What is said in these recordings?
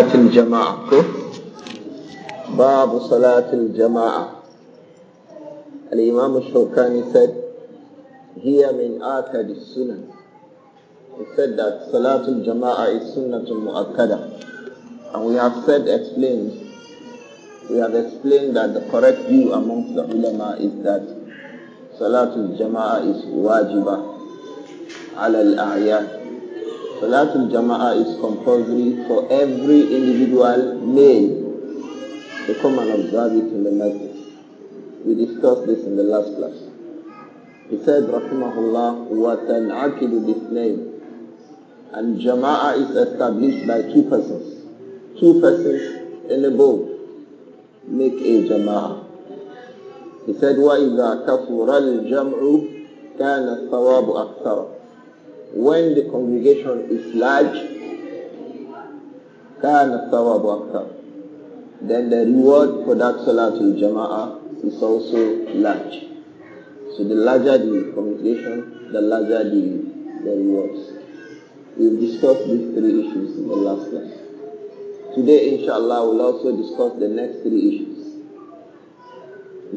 الجماعة باب صلاة الجماعة الإمام الشوكاني said "He هي من آكد السنن He said that صلاة الجماعة is سنة مؤكدة And we have said, explained, we have explained that the correct view amongst the ulama is that Salatul Jama'ah is wajibah al-a'yad Salatul Jama'ah is compulsory for every individual male to come and observe it in the masjid. We discussed this in the last class. He said, Rahimahullah, وَتَنْعَكِدُ بِثْنَيْنِ And Jama'ah is established by two persons. Two persons in a boat make a Jama'ah. He said, وَإِذَا كَفُرَ الْجَمْعُ كَانَ الثَّوَابُ akthar." when the congregation is large, كان الثواب أكثر. Then the reward for that to Jama'ah is also large. So the larger the congregation, the larger the, the rewards. We've discussed these three issues in the last class. Today, inshallah, we'll also discuss the next three issues.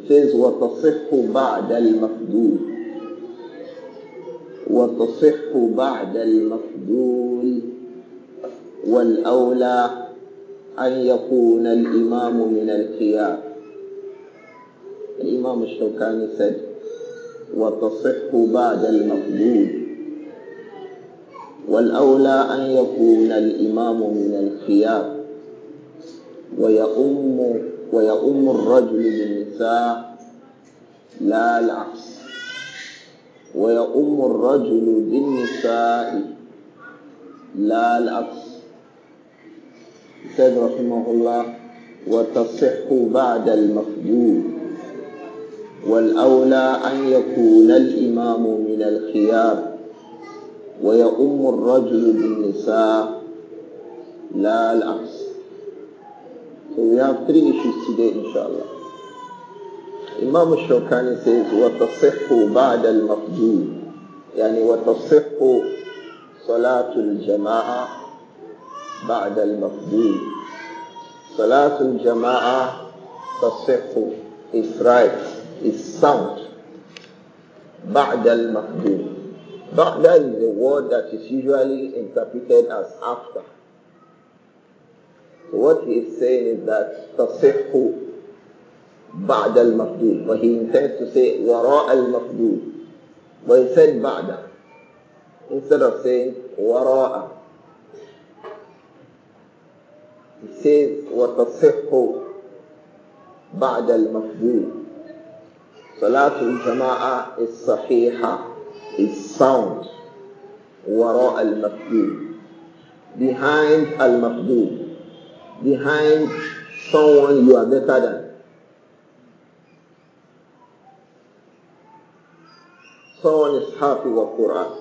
It says, وَتَصِحُّ بَعْدَ الْمَفْدُودِ وتصح بعد المفضول والأولى أن يكون الإمام من الخيار الإمام الشوكاني said وتصح بعد المفضول والأولى أن يكون الإمام من الخيار ويؤم ويؤم الرجل بالنساء لا العكس ويقوم الرجل بالنساء لا العكس سيد رحمه الله وتصح بعد المفجور والأولى أن يكون الإمام من الخيار ويؤم الرجل بالنساء لا العكس So we have three issues today, inshallah. إمام الشوكاني says وتصح بعد المفجور يعني وتصح صلاة الجماعة بعد المفجور صلاة الجماعة تصح is right is sound بعد المفجور بعد is a word that is usually interpreted as after so what he is saying is that تصح بعد المفقود but he intends to say وراء المفقود but he said بعد instead of saying وراء he says وتصح بعد المفقود صلاة الجماعة الصحيحة is sound وراء المفقود behind المفقود behind someone you are better than Someone is happy with Quran.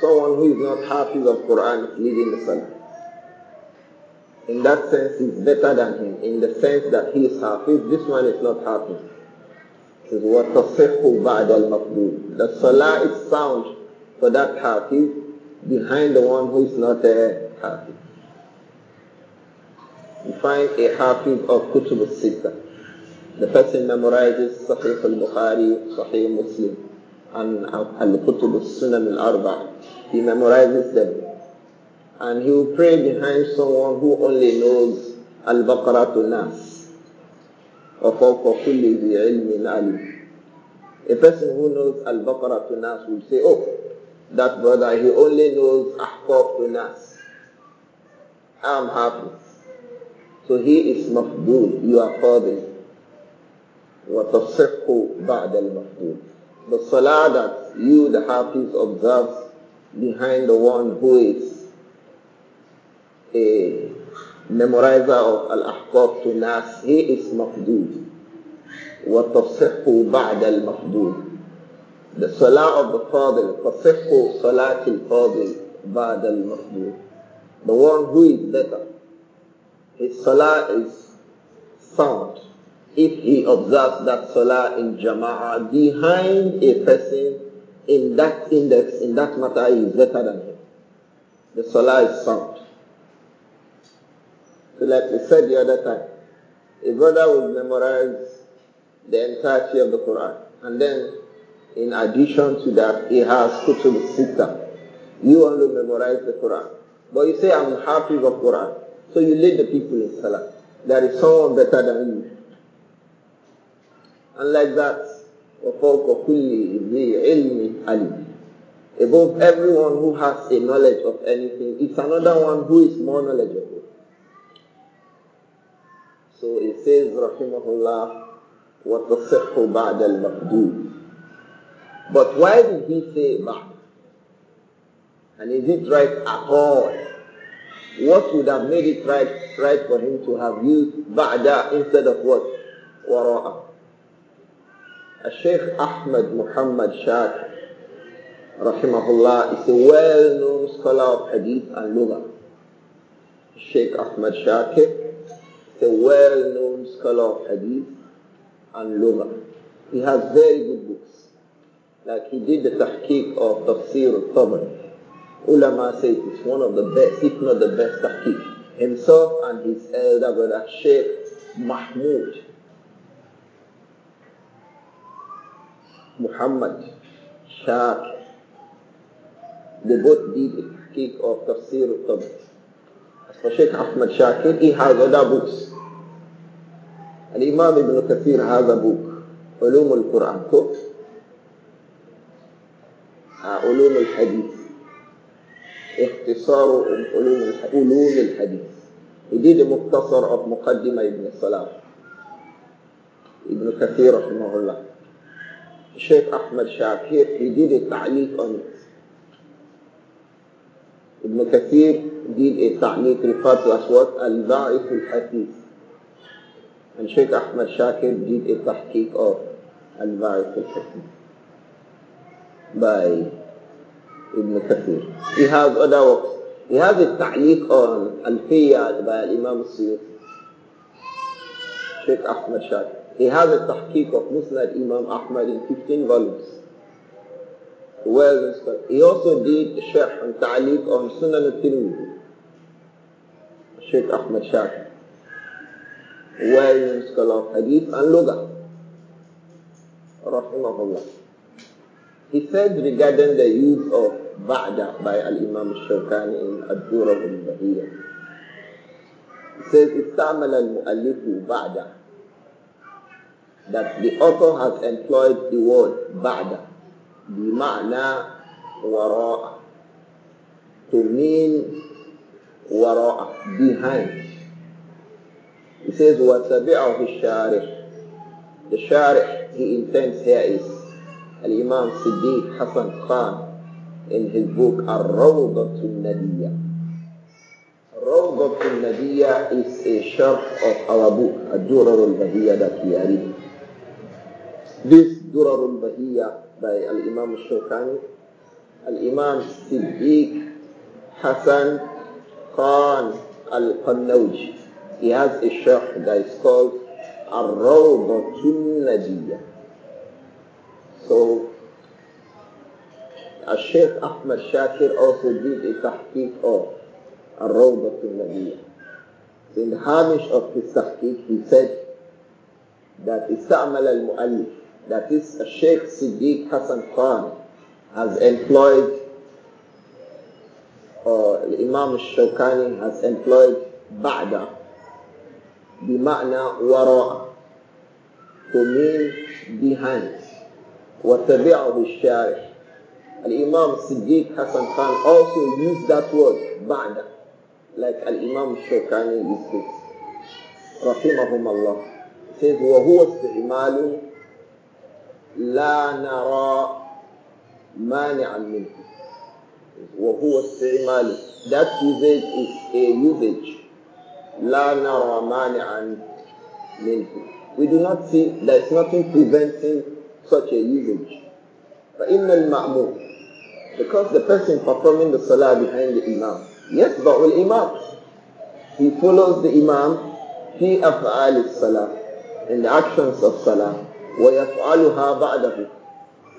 Someone who is not happy with Quran is leading the Salah. In that sense, he's better than him. In the sense that he is happy, this one is not happy. It is what successful bad would al-maqdud. The Salah is sound for that happy behind the one who is not uh, happy. You find a happy of Kutub al-Sittah. The person memorizes Sahih al-Bukhari, Sahih Muslim, and Al-Qutub al-Sunan al-Arba. He memorizes them. And he will pray behind someone who only knows Al-Baqarah to Nas. وَفَوْقَ كُلِّ ذِي عِلْمٍ عَلِيمٍ A person who knows Al-Baqarah to Nas will say, oh, that brother, he only knows Ahqaf to Nas. I'm happy. So he is mafdul, you are fadil. وتصح بعد المحدود. The salah that you, the Hafiz, observes behind the one who is a memorizer of Al-Ahqaf to Nas, he is maqdood. وتصح بعد المحدود. The salah of the Fadil, تصح صلاة الفاضل بعد المحدود. The one who is better. His salah is sound. if he observes that salah in jama'ah behind a person in that index, in that matter, he is better than him. The salah is sound. So like we said the other time, a brother will memorize the entirety of the Quran. And then, in addition to that, he has kutub sita. You only memorize the Quran. But you say, I'm happy of Quran. So you lead the people in salah. There is someone better than you. And like that, Above everyone who has a knowledge of anything, it's another one who is more knowledgeable. So it says, Rahimahullah, وَتَصِحُّ بَعْدَ الْمَقْدُودِ But why did he say بَعْدَ? And is it right at all? What would have made it right, right for him to have used ba'da instead of what? Wara'a. Sheikh Ahmed Muhammad Shah, rahimahullah, is a well-known scholar of hadith and lugha. Sheikh Ahmed Shaki is a well-known scholar of hadith and lugha. He has very good books. Like he did the tahqiq of Tafsir al-Tabari. Ulama say it's one of the best, if not the best tahqiq. Himself and his elder brother Sheikh Mahmoud محمد شاكر لبوت دي بالتحقيق أو التفسير الطب الشيخ أحمد شاكر إيه هذا ده بوكس الإمام ابن كثير هذا بوك علوم القرآن كو علوم الحديث اختصار علوم علوم الحديث يجي مختصر أو مقدمة ابن السلام ابن كثير رحمه الله الشيخ أحمد شاكير التعليق تعليقا ابن كثير يديد التعليق رفات الأصوات الباعث الحثيث الشيخ أحمد شاكر يديد التحقيق of الباعث الحثيث by ابن كثير في هذا other works he has a الفيا by الإمام السيوطي Sheikh Ahmad Shah. He has a tahqiq of Musnad Imam Ahmad in 15 volumes. Well, he also did sheikh and Ta'liq on Sunan al-Tirmidhi. Sheikh Ahmad Shah. Well-known scholar of Hadith and Luga. Rahimahullah. He said regarding the use of Ba'da by Al-Imam Shawkani in Ad-Dura al-Bahiyya. He says, استعمل المؤلف بعد that the author has employed the word ba'da bima'na wara'a to mean wara'a behind he says وَتَبِعَهُ الشَّارِحُ the sharih he intends here is al-imam Siddiq Hasan Khan in his book Ar-Rawdatun Nadiyya Rawdatun Nadiyya is a sharh of our book Ad-Durar al-Bahiyya that we are reading This Durarul Bahiyya by Al-Imam Shawkani, Al-Imam Siddiq Hassan Khan Al-Qannawj. He has a sharh that is called Ar-Rawdatun Nadiyya. So, al Sheikh Ahmad Shakir also did a tahqiq of Ar-Rawdatun Nadiyya. In the Hamish of his tahqiq, he said that استعمل المؤلف that is Sheikh Siddiq Hassan Khan has employed, or Imam Shokani has employed Ba'da, بمعنى وراء to mean behind وتبعه الشارع Al-Imam Siddiq Hassan Khan also used that word Ba'da like Al-Imam Shokani used it رحمهم الله says وهو استعمال لا نرى مانعا منه وهو استعماله that usage is a usage لا نرى مانعا منه we do not see there is nothing preventing such a usage فإن المأمور because the person performing the salah behind the imam yes but will imam he follows the imam في أفعال الصلاة in the actions of salah وَيَفْعَلُهَا بَعْدَهُ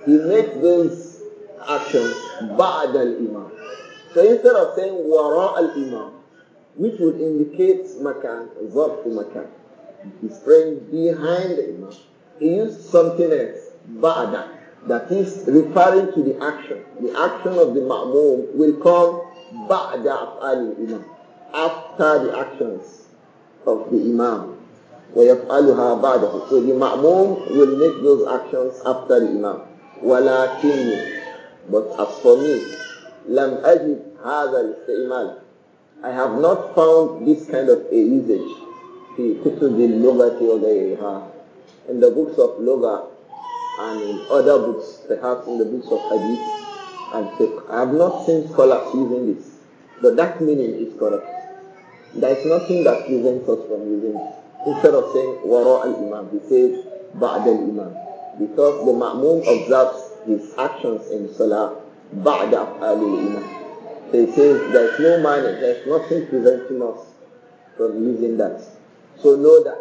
He makes those actions بَعْدَ الْإِمَامِ So instead of saying وَرَاءَ الْإِمَامِ which would indicate makan, ضبط makan. He's praying behind the imam. He used something else, ba'da, that is referring to the action. The action of the ma'mum will come ba'da imam, after the actions of the imam. ويفعلها بعده so the ma'mum will make those actions after the imam ولكن but as for me لم أجد هذا الاستعمال I have not found this kind of a usage في كتب اللغة وغيرها in the books of Loga and in other books, perhaps in the books of Hadith and Fiqh. I have not seen scholars using this, but that meaning is correct. There is nothing that prevents us from using it. Instead of saying wara al-imam, he says ba'd al-imam. Because the ma'mum observes his actions in salah ba'd al imam. So he says there's no man, there's nothing preventing us from using that. So know that.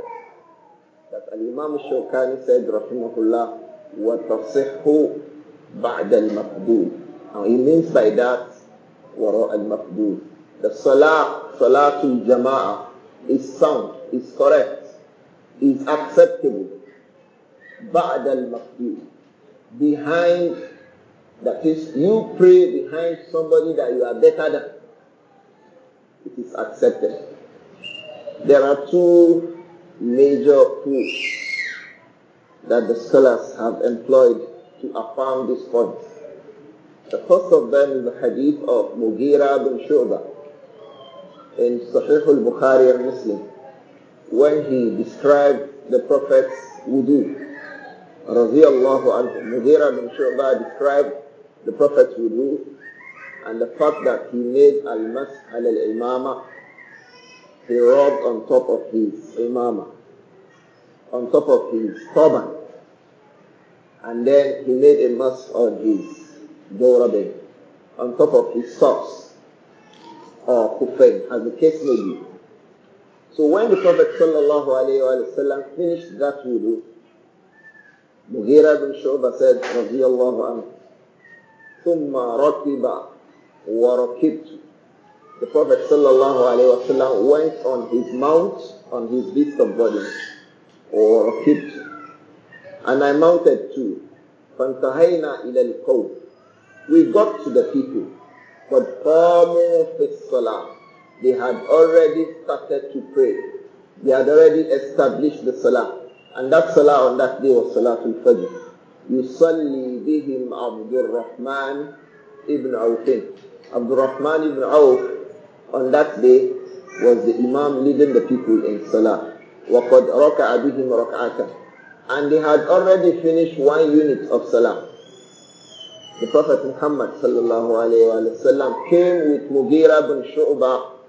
That al-imam Shokani said, rahimahullah, would al المقبول and he means by that al المقبول the salah salatul jama'ah is sound is correct, is acceptable. بعد المقدور behind that is you pray behind somebody that you are better than it is accepted there are two major proofs that the scholars have employed to affirm this point the first of them is the hadith of Mughira bin Shu'bah in Sahih al-Bukhari and Muslim when he described the Prophet's wudu. Radiallahu anhu, Mughira bin Shu'bah described the Prophet's wudu and the fact that he made al-mas al-imama, he rubbed on top of his imama, on top of his turban. And then he made a mas on his dorabe, on top of his socks or uh, kufay, as the case may be. So when the Prophet وسلم, finished that wudu, Mughira bin Shu'ba said, رضي الله عنه, ثم ركب The Prophet وسلم, went on his mount, on his beast of burden, or ركبت. And I mounted too. فانتهينا إلى القوم. We got to the people. قد قاموا في salam they had already started to pray. They had already established the salah. And that salah on that day was Salatul Fajr. يصلي bihim عبد الرحمن ibn Awfin. Abdul Rahman ibn Auf on that day was the Imam leading the people in Salah. وَقَدْ رَكَعَ بِهِمْ رَكْعَةً And they had already finished one unit of Salah. The Prophet Muhammad sallallahu alayhi wa sallam came with Mughira bin Shu'bah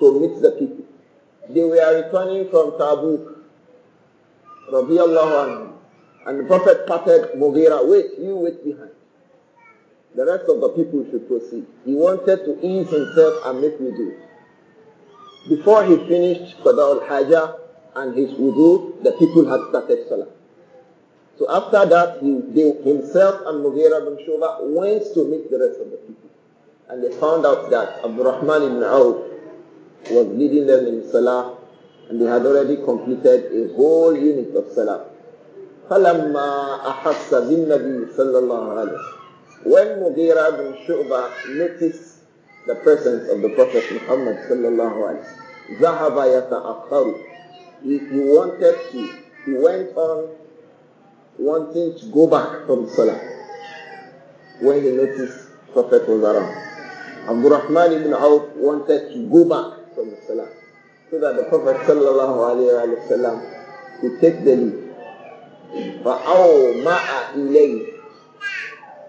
to meet the people. They were returning from Tabuk, radiallahu anhu, and the Prophet parted Mughira, wait, you wait behind. The rest of the people should proceed. He wanted to ease himself and make wudu. Before he finished Qadar al-Hajjah and his wudu, the people had started Salah. So after that, he, they, himself and Mughira bin Shuba went to meet the rest of the people. And they found out that Abdurrahman ibn Awf was leading them in Salah, and they had already completed a whole unit of Salah. فَلَمَّا أَحَسَّ بِالنَّبِي صَلَّى الله عليه When Mughira bin Shu'bah noticed the presence of the Prophet Muhammad sallallahu alaihi wasallam, he, he wanted to, he went on wanting to go back from Salah when he noticed Prophet was around. Abdurrahman ibn Auf wanted to go back from the salah. So that the Prophet ﷺ would take the lead. فَأَوْ مَعَ إِلَيْهِ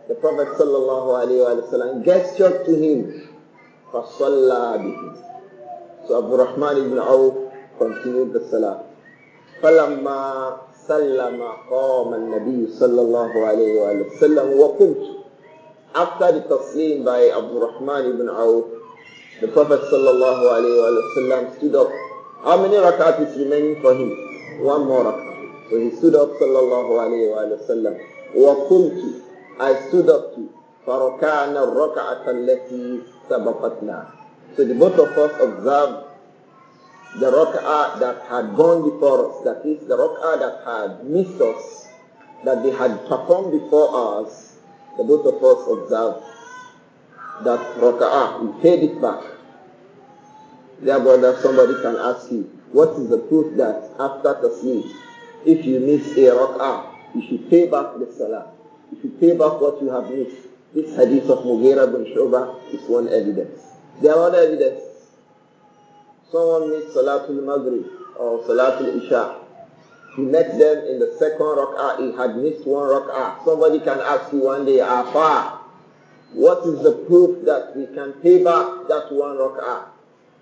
The Prophet ﷺ gestured to him. فَصَلَّى بِهِ So Abu Rahman ibn Awf continued the salah. فَلَمَّا سلم قام النبي sallallahu الله عليه وآله وسلم وقمت after the taslim by Rahman ibn Awf the Prophet وسلم stood up. How many rakat is remaining for him? One more rakat. So he stood up sallallahu alayhi wa sallam. I stood up too. فَرَكَعْنَا الرَّكَعَةَ الَّتِي سَبَقَتْنَا So the both of us observed the rak'ah that had gone before us, that is the rak'ah that had missed us, that they had performed before us, the both of us observed that raka'ah, you paid it back. Therefore, brother, somebody can ask you, what is the proof that after taslim, if you miss a rokaa, you should pay back the salah. You should pay back what you have missed. This hadith of Mughira bin Shuba is one evidence. There are other evidence. Someone missed Salatul Maghrib or Salatul Isha. He met them in the second rokaa. He had missed one rokaa. Somebody can ask you one day, Afar, what is the proof that we can pay back that one rak'ah?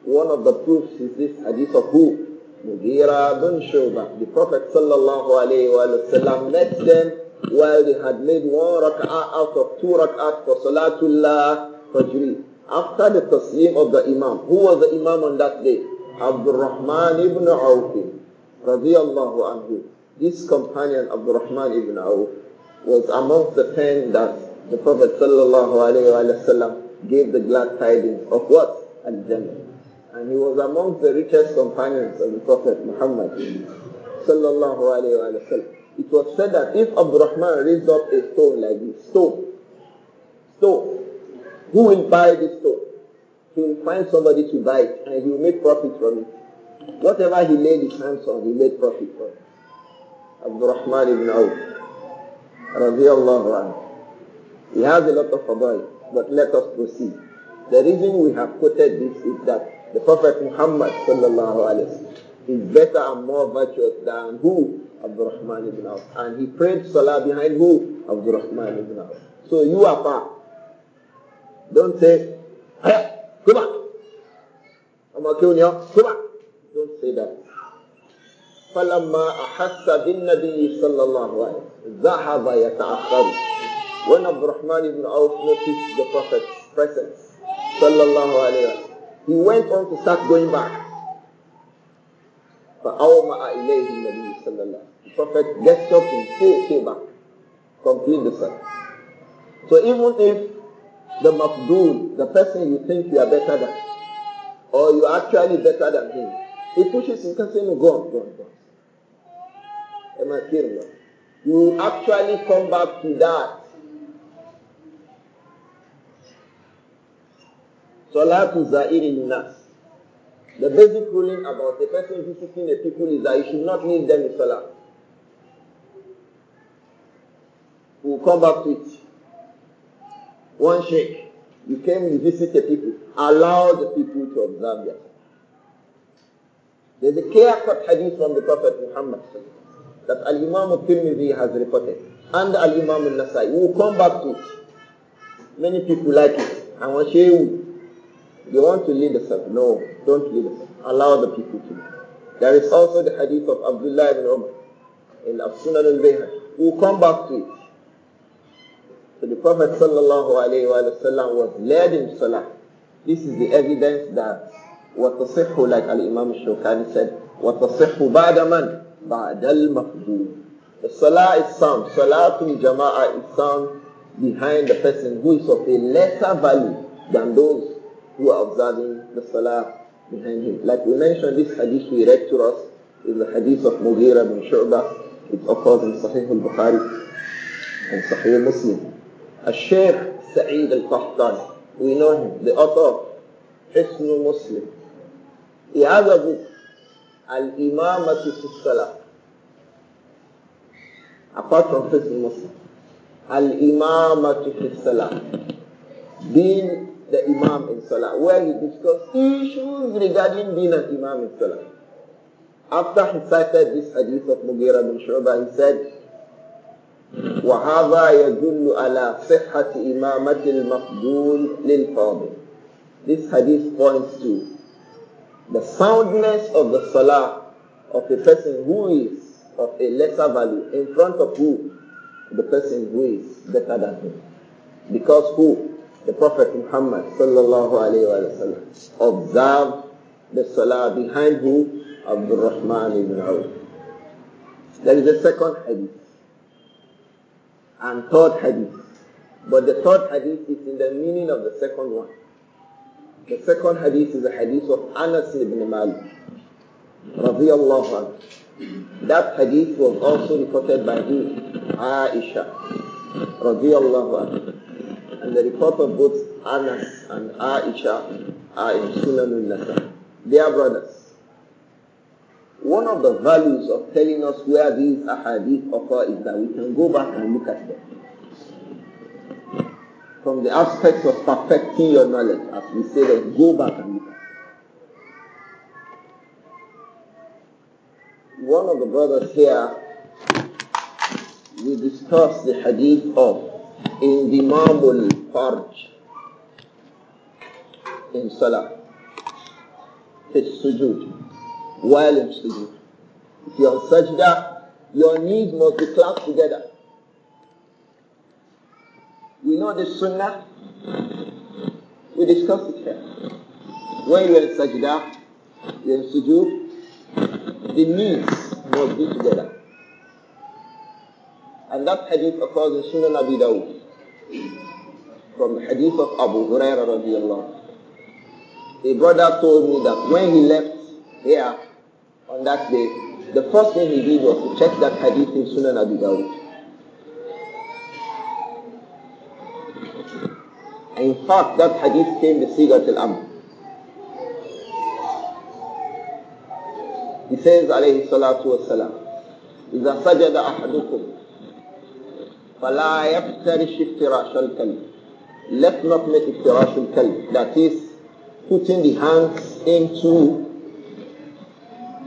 One of the proofs is this hadith of who? Mughira bin Shuba. The Prophet sallallahu alayhi wa sallam met them while they had made one rak'ah out of two rak'ahs for Salatullah Fajri. After the taslim of the Imam, who was the Imam on that day? Abdurrahman ibn Awf, radiyallahu anhu. This companion, Abdurrahman ibn Awf, was amongst the ten that the Prophet gave the glad tidings of what? Al-Jannah. And he was among the richest companions of the Prophet Muhammad It was said that if Abdurrahman raised up a stone like this, stone, stone, who will buy this stone? He will find somebody to buy it and he will make profit from it. Whatever he laid his hands on, he made profit from it. Abdurrahman ibn رضي الله عنه. He has a lot of fadail, but let us proceed. The reason we have quoted this is that the Prophet Muhammad sallallahu alayhi is better and more virtuous than who? Abdurrahman ibn Auf. And he prayed salah behind who? Abdurrahman ibn Auf. So you are far. Don't say, Hey, come on. I'm a you. come on. Don't say that. فلما أحس بالنبي صلى الله عليه وسلم ذهب يتأخر when Abdurrahman ibn Auf noticed the Prophet's presence. sallallahu alayhi wa he went on to start going back. The Prophet gets up and stay, back. Complete the salah. So even if the mafdool, the person you think you are better than, or you are actually better than him, he pushes you can say, no, go on, go on, go on. You actually come back to that Salatu za'irin nas. The basic ruling about the person visiting a people is that you should not leave them in salah. We'll come back to it. One sheikh, you came to visit the people. Allow the people to observe you. There's a clear-cut hadith from the Prophet Muhammad that Al-Imam al-Tirmidhi has reported and Al-Imam al-Nasai. We'll come back to it. Many people like it. I want to share you want to lead the self? No, don't lead the self. Allow the people to lead. There is also the hadith of Abdullah ibn Umar in Sunan al-Bayhaq. We'll come back to it. So the Prophet sallallahu alayhi wa was led in salah. This is the evidence that وَتَصِحُّ like Al-Imam Shawkani said, the بَعْدَ مَنْ بَعْدَ الْمَفْدُودِ The salah is sound. Salatul jama'ah is sound behind the person who is of a lesser value than those who are observing the salah behind him. Like we mentioned, this hadith we read to us is the hadith of Mughira bin Shu'bah. It occurs in Sahih al-Bukhari and Sahih Muslim. Al-Sheikh Sa'id al-Qahtani, we know him, the author of Hisnu Muslim. He has a book, al imamati fi Salah. Apart from Hisnu Muslim. al imamati fi Salah. Being the Imam in Salah, where he discussed issues regarding being an Imam in Salah. After he cited this hadith of Mughira bin Shu'bah, he said, وهذا يدل على صحة إمامة المقبول للفاضل. This hadith points to the soundness of the salah of a person who is of a lesser value in front of who? The person who is better than him. Because who? the Prophet Muhammad sallallahu alayhi wa sallam observed the salah behind who? Abdul Rahman ibn Awf. There is a second hadith and third hadith. But the third hadith is in the meaning of the second one. The second hadith is a hadith of Anas ibn Malik. Radiallahu anhu. That hadith was also reported by him, Aisha. Radiallahu anhu. And the report of both Anas and Aisha are in Sunan al-Nasa. They are brothers. One of the values of telling us where these ahadith occur is that we can go back and look at them. From the aspect of perfecting your knowledge, as we say that, go back and look at them. One of the brothers here, we discuss the hadith of in the marble arch in Salah, في sujood. while in sujood. If you're on sajda, your knees must be clasped together. We know the sunnah, we discussed it here. When you're in sajda, you're in sujood, the knees must be together. And that hadith occurs in Sunan Abi Dawud from the hadith of Abu Huraira radiallahu. A brother told me that when he left here on that day, the first thing he did was to check that hadith in Sunan Abi Dawud. And in fact, that hadith came with Sigat al-Amr. He says, alayhi salatu wassalam, إذا سجد أحدكم فَلَا يَفْتَرِشِ اِفْتِرَاشَ الْكَلْبِ Let's not make افتراش الكلب. That is, putting the hands into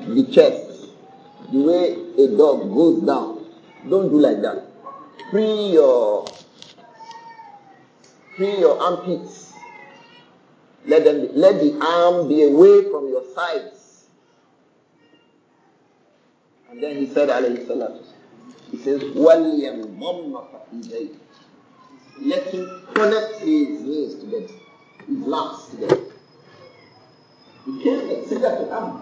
the chest. The way a dog goes down. Don't do like that. Free your, free your armpits. Let, them, let the arm be away from your sides. And then he said, alayhi salatu says, وَلْيَمْضَمَّ فَإِذَيْهِ Let him connect his knees together, his laps together. You can't expect that to happen.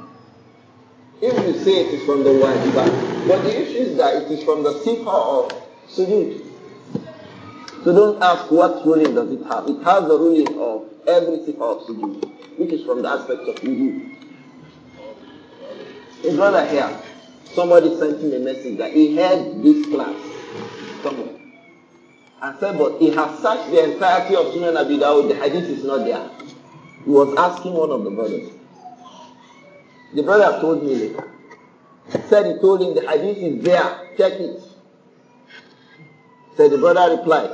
If you say it is from the wajibat, but the issue is that it is from the seeker of sujood. So don't ask what ruling does it have. It has the ruling of every seeker of sujood, which is from the aspect of wudu. A brother here, Somebody sent him a message that he had this class somewhere and said, but he has searched the entirety of Sunan Abi The hadith is not there. He was asking one of the brothers. The brother told me later. He said he told him the hadith is there. Check it. Said so the brother replied.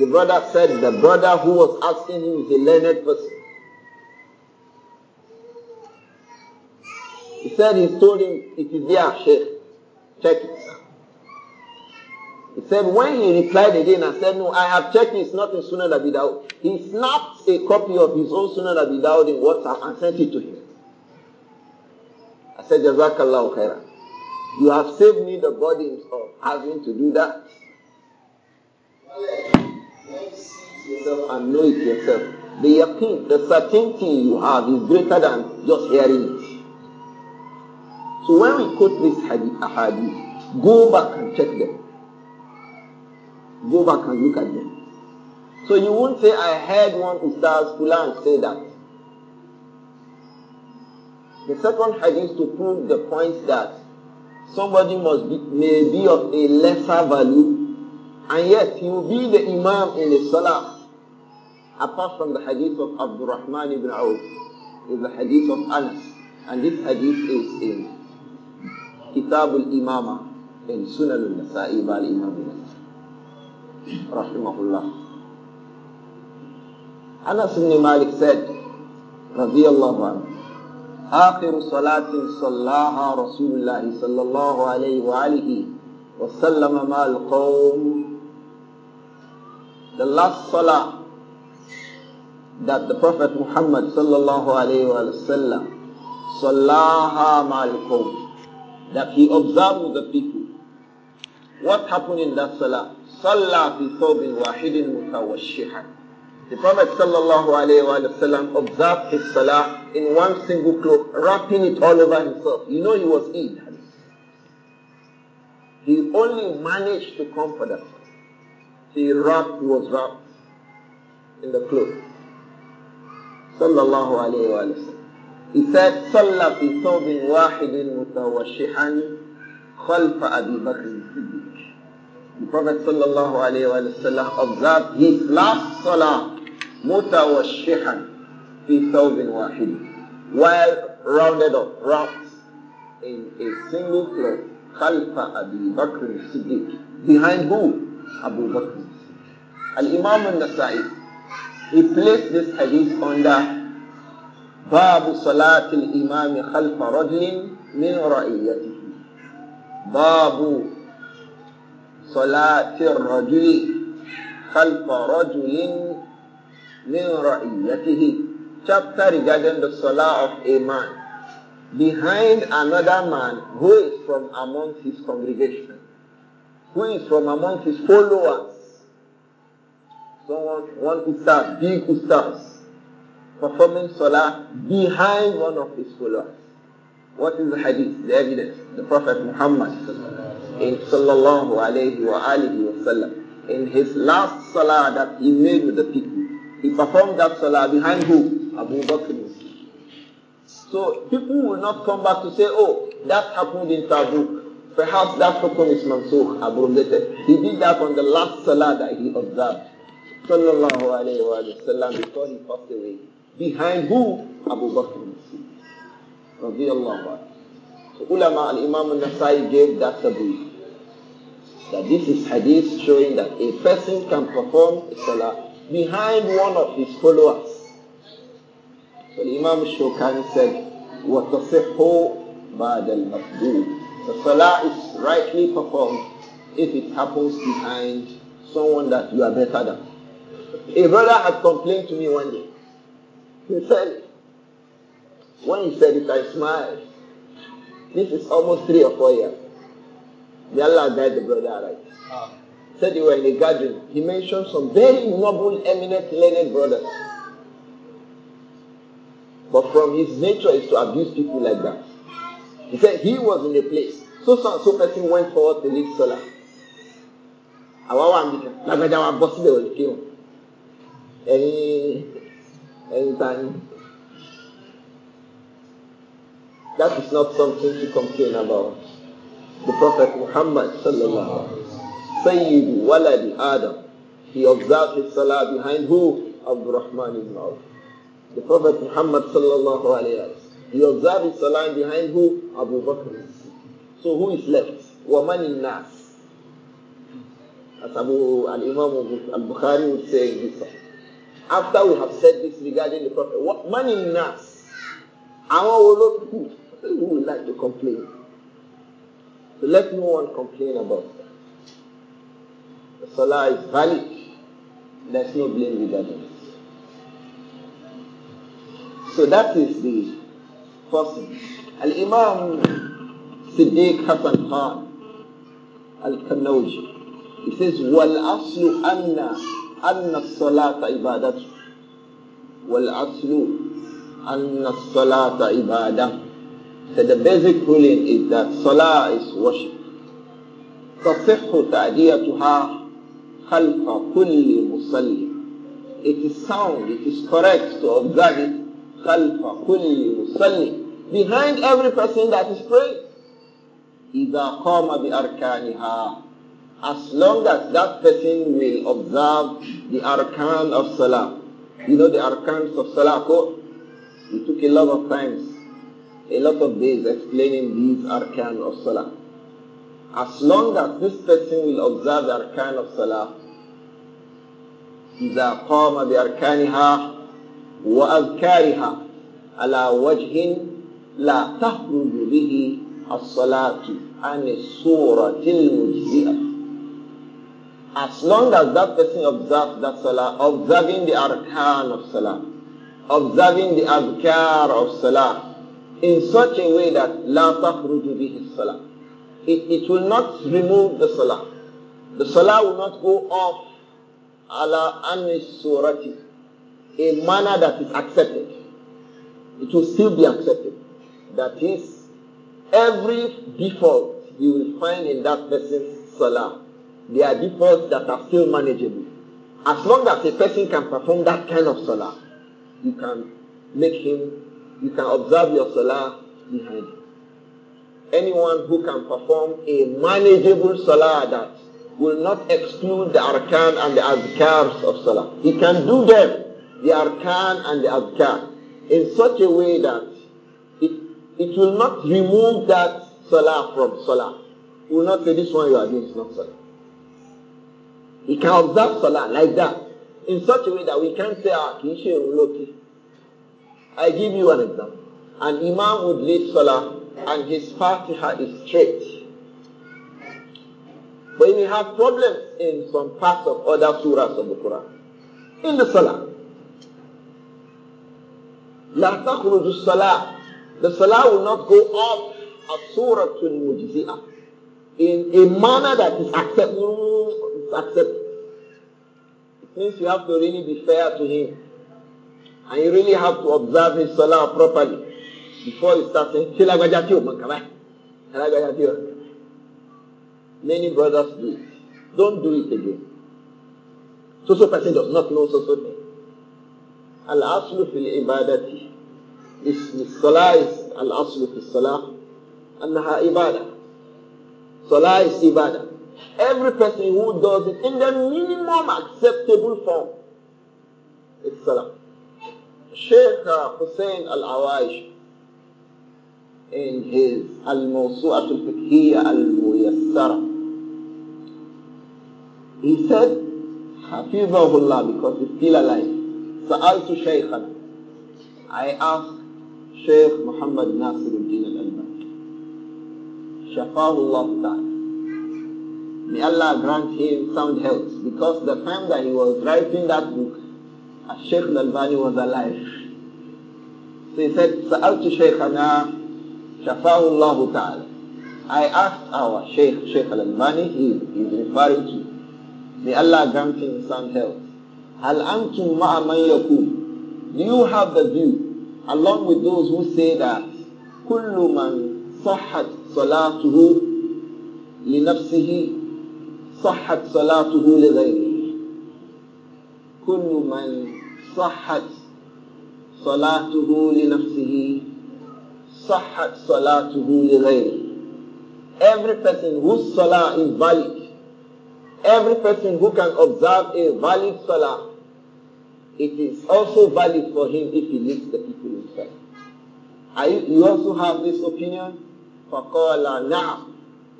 The brother said the brother who was asking him is a learned person. said he told him, it is there, Sheikh. Check it. He said, when he replied again and said, no, I have checked, it's not in Sunan Abi Dawud. He snapped a copy of his own Sunan Abi Dawud in WhatsApp and sent it to him. I said, Jazakallah khairan. You have saved me the burden of having to do that. Yourself and know it yourself. The the certainty you have is greater than just hearing it. So when we quote this hadith, hadith, go back and check them. Go back and look at them. So you won't say, I heard one Ustaz Fulan say that. The second hadith to prove the point that somebody must be, may be of a lesser value and yet he will be the imam in the salah. Apart from the hadith of Abdurrahman ibn Auf is the hadith of Anas. And this hadith is in كتاب الإمامة سنن النسائي بالإمام رحمه الله أنس بن مالك سيد رضي الله عنه آخر صلاة صلاها رسول الله صلى الله عليه وآله وسلم مع القوم The last salah that the Prophet Muhammad sallallahu alayhi wa sallam sallaha ma'al qawm that he observed with the people. What happened in that salah? Salah fi thawbin wahidin mutawashihan. The Prophet sallallahu alayhi wa observed his salah in one single cloak, wrapping it all over himself. You know he was ill. He only managed to come for He wrapped, he was wrapped in the cloak. Sallallahu alayhi wa sallam. He said, صلى في ثوب واحد متوشحا خلف أبي بكر الصديق. The Prophet sallallahu alayhi wa sallam observed his last salah متوشحا في ثوب واحد. while rounded up, wrapped in a single cloth خلف أبي بكر الصديق. Behind who? Abu Bakr. Al-Imam al-Nasai. He placed this hadith under باب صلاة الإمام خلف رجل من رعيته باب صلاة الرجل خلف رجل من رعيته Chapter regarding the Salah of a man behind another man who is from among his congregation, who is from among his followers. Someone, one ustaz, big ustaz, performing salah behind one of his followers. What is the hadith? The evidence. The Prophet Muhammad in sallallahu alayhi wa alihi wa in his last salah that he made with the people, he performed that salah behind who? Abu Bakr. So people will not come back to say, oh, that happened in Tabuk. Perhaps that hukum is mansukh, abrogated. He did that on the last salah that he observed. Sallallahu alayhi wa sallam before he passed away. Behind who? Abu Bakr radiallahu So ulama al Imam al-Nasai gave that taboo. That this is hadith showing that a person can perform a salah behind one of his followers. So Imam Shokani said, وَتَصِحُّ بَعْدَ الْمَفْدُودِ The salah is rightly performed if it happens behind someone that you are better than. A brother had complained to me one day He said When he said it, I smiled. This is almost three or four years. The Allah guide the brother right. Ah. Said they were in the garden. He mentioned some very noble, eminent, learned brothers. But from his nature is to abuse people like that. He said he was in a place. So so so person went forward to lead Sola. Awa wa mi kan, lágbàdá wa bọ́ sílẹ̀ òlùkí o. Ẹ̀yin anytime. That is not something to complain about. The Prophet Muhammad sallallahu Sayyid Walad Adam. He observed his salah behind who? Abdul Rahman ibn Auf. The Prophet Muhammad sallallahu alayhi He observed his salah behind who? Abu Bakr. So who is left? Waman in Nas. As Abu, Al-Imam Al-Bukhari would say in this after we have said this regarding the Prophet, what man in us? Àwọn wo Who would like to complain? So let no one complain about that. The salah is valid. There's no blame regarding it. So that is the first thing. Al-Imam Siddiq Hassan Khan Al-Kanawji. He says, وَالْأَصْلُ أَنَّ أن الصلاة عبادة والأصل أن الصلاة عبادة So the basic ruling is that Salah is worship. تصح تأديتها خلف كل مصلي. It is sound, it is correct to observe it خلف كل مصلي. Behind every person that is praying. إذا قام بأركانها as long as that person will observe the arkan of salah. You know the arkans of salah code? We took a lot of times, a lot of days explaining these arkan of salah. As long as this person will observe the arkan of salah, إذا قام بأركانها وأذكارها على وجه لا تخرج به الصلاة عن الصورة المجزئة as long as that person observes that salah, observing the arkan of salah, observing the azkar of salah, in such a way that la takhruju bihi salah. It, it will not remove the salah. The salah will not go off ala anisurati, a manner that is accepted. It will still be accepted. That is, every default you will find in that person's salah there are defaults that are still manageable. As long as a person can perform that kind of salah, you can make him, you can observe your salah behind him. Anyone who can perform a manageable salah that will not exclude the arkan and the azkars of salah, he can do them, the arkan and the azkar, in such a way that it, it will not remove that salah from salah. It will not say this one you are doing is not salah. He can observe Salah like that in such a way that we can't say, ah, kì í I give you an example. An imam would lead Salah and his Fatiha is straight. But he may have problems in some parts of other surahs of the Quran. In the Salah. لا تخرج salah, The Salah will not go up as Surah to Mujzi'ah in a manner that is acceptable accept it. it. means you have to really be fair to him. And you really have to observe his salah properly before you start saying, Kilagwaja man mankaba. Kilagwaja tiyo. Many brothers do it. Don't do it again. So so person does not know so so Al aslu fil ibadati. Is salah is al aslu fil salah. أنها ibadah. Salah is ibadah. Every person who does it in the minimum acceptable form, is salah. Sheikh Hussein Al-Awaish, in his Al-Mawsu'at Al-Fiqhiyya Al-Muyassara, he said, Hafizahullah, because he's still alive, Sa'al Sa'altu Shaykhana. I asked Shaykh Muhammad Nasiruddin Al-Albani, Shafahullah Ta'ala, May Allah grant him sound health. Because the time that he was writing that book, Sheikh was alive. So he said, سألت شيخنا شفاه الله taala." I asked our Sheikh, Sheikh Al-Albani, he is referring to, may Allah grant him sound health. هل أنتم مع من يقول Do you have the view, along with those who say that كل من صحت صلاته لنفسه صحت صلاته لغيره كل من صحت صلاته لنفسه صحت صلاته لغيره Every person whose salah is valid, every person who can observe a valid salah, it is also valid for him if he leads the people himself Are you, you also have this opinion? فَقَالَ نَعَمْ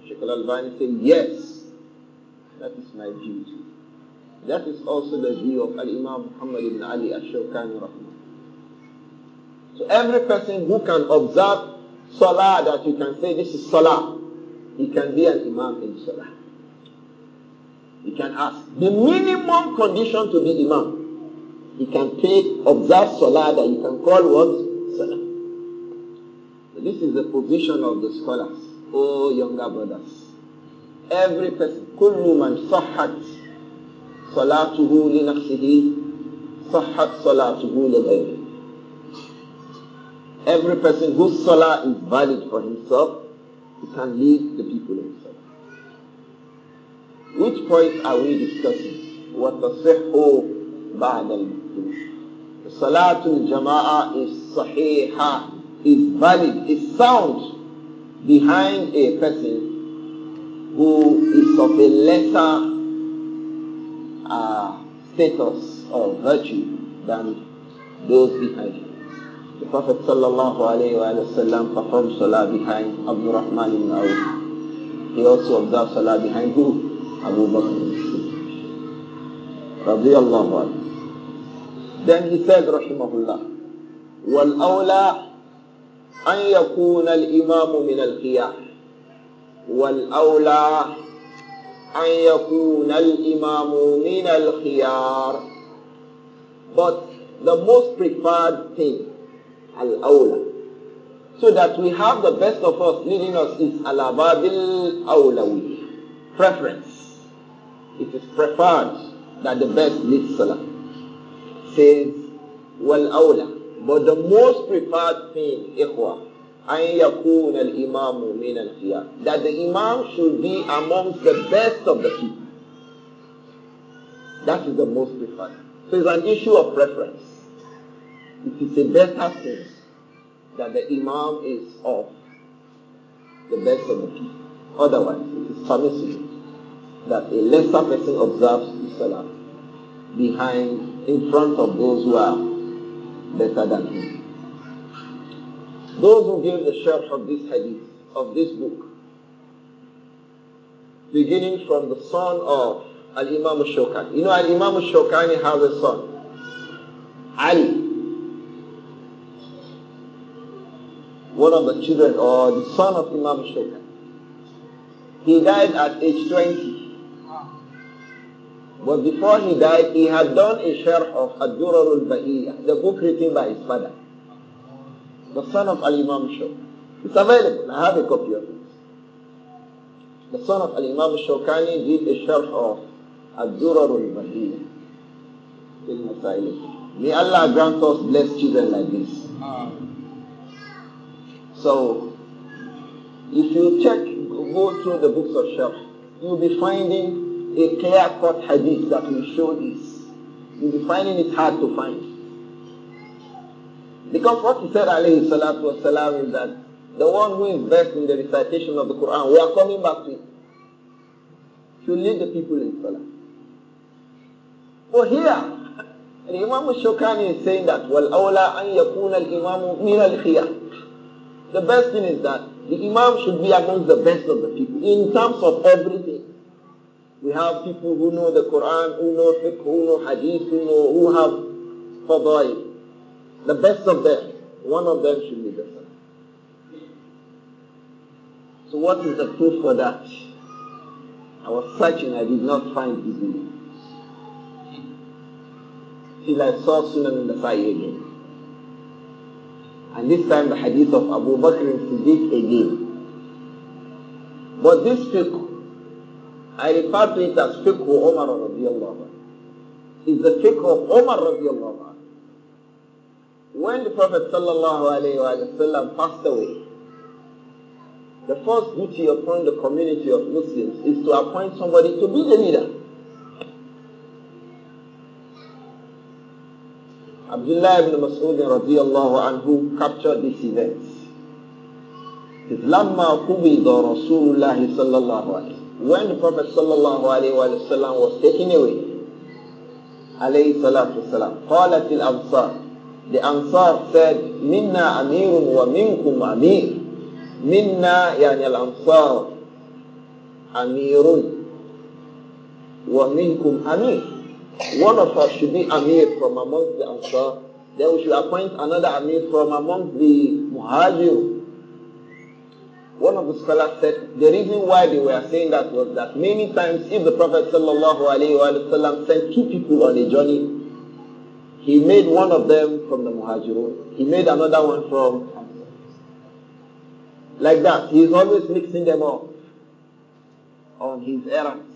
Shaykh al said, yes. That is my duty. That is also the view of Al-Imam Muhammad ibn Ali al-Shawkani So every person who can observe Salah that you can say this is Salah, he can be an Imam in Salah. He can ask. The minimum condition to be Imam, he can take observe Salah that you can call what? Salah. So this is the position of the scholars, oh younger brothers. Every person, كل من صحت صلاته لنفسه صحت صلاته لغيره. Every person whose salah is valid for himself, he can lead the people in salah. Which point are we discussing? وَتَصِحُّ بَعْدَ الْمَكْتُوبِ The Salatul Jama'ah is sahihah, is valid, is sound behind a person who is of a lesser uh, status or virtue than those behind him. The Prophet sallallahu alayhi wasallam performed salah behind Abu Rahman ibn Awf. He also observed salah behind who? Abu Bakr radiallahu anhu. Then he said, rahimahullah, وَالْأَوْلَى أَنْ يَكُونَ الْإِمَامُ مِنَ الْقِيَامِ والأولى أن يكون الإمام من الخيار but the most preferred thing al-awla so that we have the best of us leading us is al-ababil awlawi preference it is preferred that the best leads salah says wal awla but the most preferred thing ikhwah that the Imam should be amongst the best of the people. That is the most preferred. So it's an issue of preference. It is a better thing that the Imam is of the best of the people. Otherwise, it is permissible that a lesser person observes the Salah behind, in front of those who are better than him. Those who give the sharh of this hadith, of this book, beginning from the son of Al-Imam al You know Al-Imam al has a son, Ali. One of the children or the son of Imam al He died at age 20. But before he died, he had done a share of Ad-Durar al-Bahiyya, the book written by his father the son of Al Imam Shaw. It's available. I have a copy of it. The son of Al Imam Shawkani did a sharh of Ad-Durar al-Bahiyya. May Allah grant us blessed children like this. So, if you check, go through the books of Shaf, you'll be finding a clear-cut hadith that will show this. You'll be finding it hard to find. Because what he said alayhi salatu salam is that the one who is versed in the recitation of the Quran, we are coming back to it, should lead the people in Salah. For here, Imam Shokani is saying that wal awla an yakuna al imamu min al khiyar. The best thing is that the imam should be amongst the best of the people in terms of everything. We have people who know the Quran, who know fiqh, who know hadith, who know who have fadail. The best of them, one of them should be the son. So what is the proof for that? I was searching, I did not find easily. Till I saw Sunan Nasai again. And this time the hadith of Abu Bakr is Siddiq again. But this fiqh, I refer to it as fiqh Umar radiallahu anhu. It's the fiqh of Umar radiallahu anhu when the Prophet ﷺ passed away, the first duty upon the community of Muslims is to appoint somebody to be the leader. Abdullah ibn Mas'ud radiallahu anhu captured this event. لما قبض رسول الله صلى الله عليه when the Prophet sallallahu alaihi wasallam was taken away عليه الصلاة والسلام قالت الأنصار the Ansar said, Minna Amirun wa minkum Amir. Minna yani al-Ansar Amirun wa minkum Amir. One of us should be Amir from among the Ansar. Then we should appoint another Amir from among the Muhajir. One of the scholars said the reason why they were saying that was that many times if the Prophet sallallahu wasallam sent two people on a journey, He made one of them from the Muhajirun. He made another one from like that. He is always mixing them up on his errands.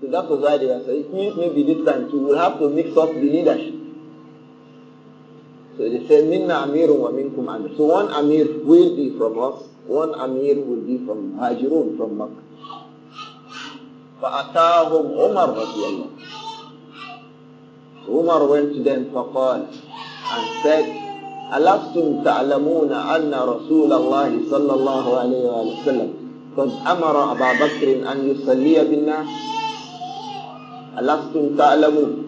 So that was why they were saying, it means maybe this time too, we'll have to mix up the leadership. So they said, Minna Amirun wa minkum Amir. So one Amir will be from us, one Amir will be from Muhajirun from Makkah. فأتاهم عمر رضي الله Umar went to them فقال and said ألستم تعلمون أن رسول الله صلى الله عليه وسلم قد أمر أبا بكر أن يصلي بالناس ألستم تعلمون